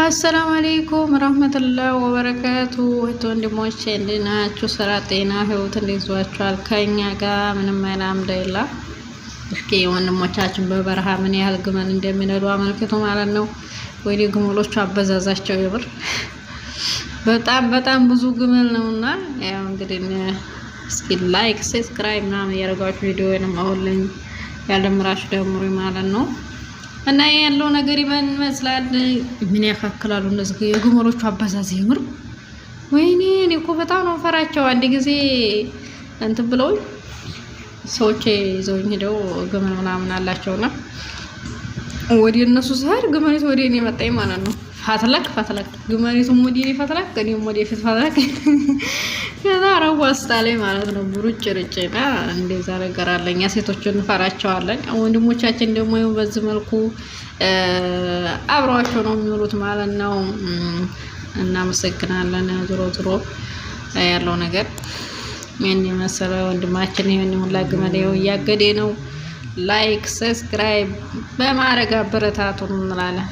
አሰላሙ አሌይኩም ረህመቱላህ ወበረከቱ እህት ወንድሞቼ እንዴት ናችሁ? ስራ፣ ጤና፣ ህይወት እንዴት ይዟችኋል? ከእኛ ጋር ምንም አልሐምዱሊላ። እስኪ ወንድሞቻችን በበረሃ ምን ያህል ግመል እንደሚነዱ አመልክቱ ማለት ነው። ወይኔ ግመሎቹ አበዛዛቸው የምር በጣም በጣም ብዙ ግመል ነው እና ያው እንግዲህ እስኪ ላይክ፣ ሰብስክራይብ ምናምን እያደረጓችሁ ቪዲዮንም አሁን ላይ ያልደምራችሁ ደምሩ ማለት ነው። እና ያለው ነገር ይበን ይመስላል። ምን ያካክላሉ እነዚህ የግመሎቹ አባዛዝ የምር ወይኔ፣ እኔ እኮ በጣም ነው ፈራቸው። አንድ ጊዜ እንትን ብለው ሰዎች ይዘውኝ ሄደው ግመል ምናምን አላቸውና ወደ እነሱ ስሄድ ግመሊቱ ወደ እኔ መጣኝ ማለት ነው። ፋትለክ ፋትለክ ግመሊቱም ወደ እኔ ፋትለክ እኔም ወደ ፊት ፋትለክ ፓስታ ላይ ማለት ነው። ቡሩጭ ርጭና እንደዛ ነገር አለ። እኛ ሴቶች እንፈራቸዋለን። ወንድሞቻችን ደግሞ በዚህ መልኩ አብረዋቸው ነው የሚውሉት ማለት ነው። እናመሰግናለን። ዞሮ ዞሮ ያለው ነገር ምን የመሰለ ወንድማችን ይህን ሁላ ግመል እያገዴ ነው። ላይክ ሰብስክራይብ በማድረግ አበረታቱን እንላለን።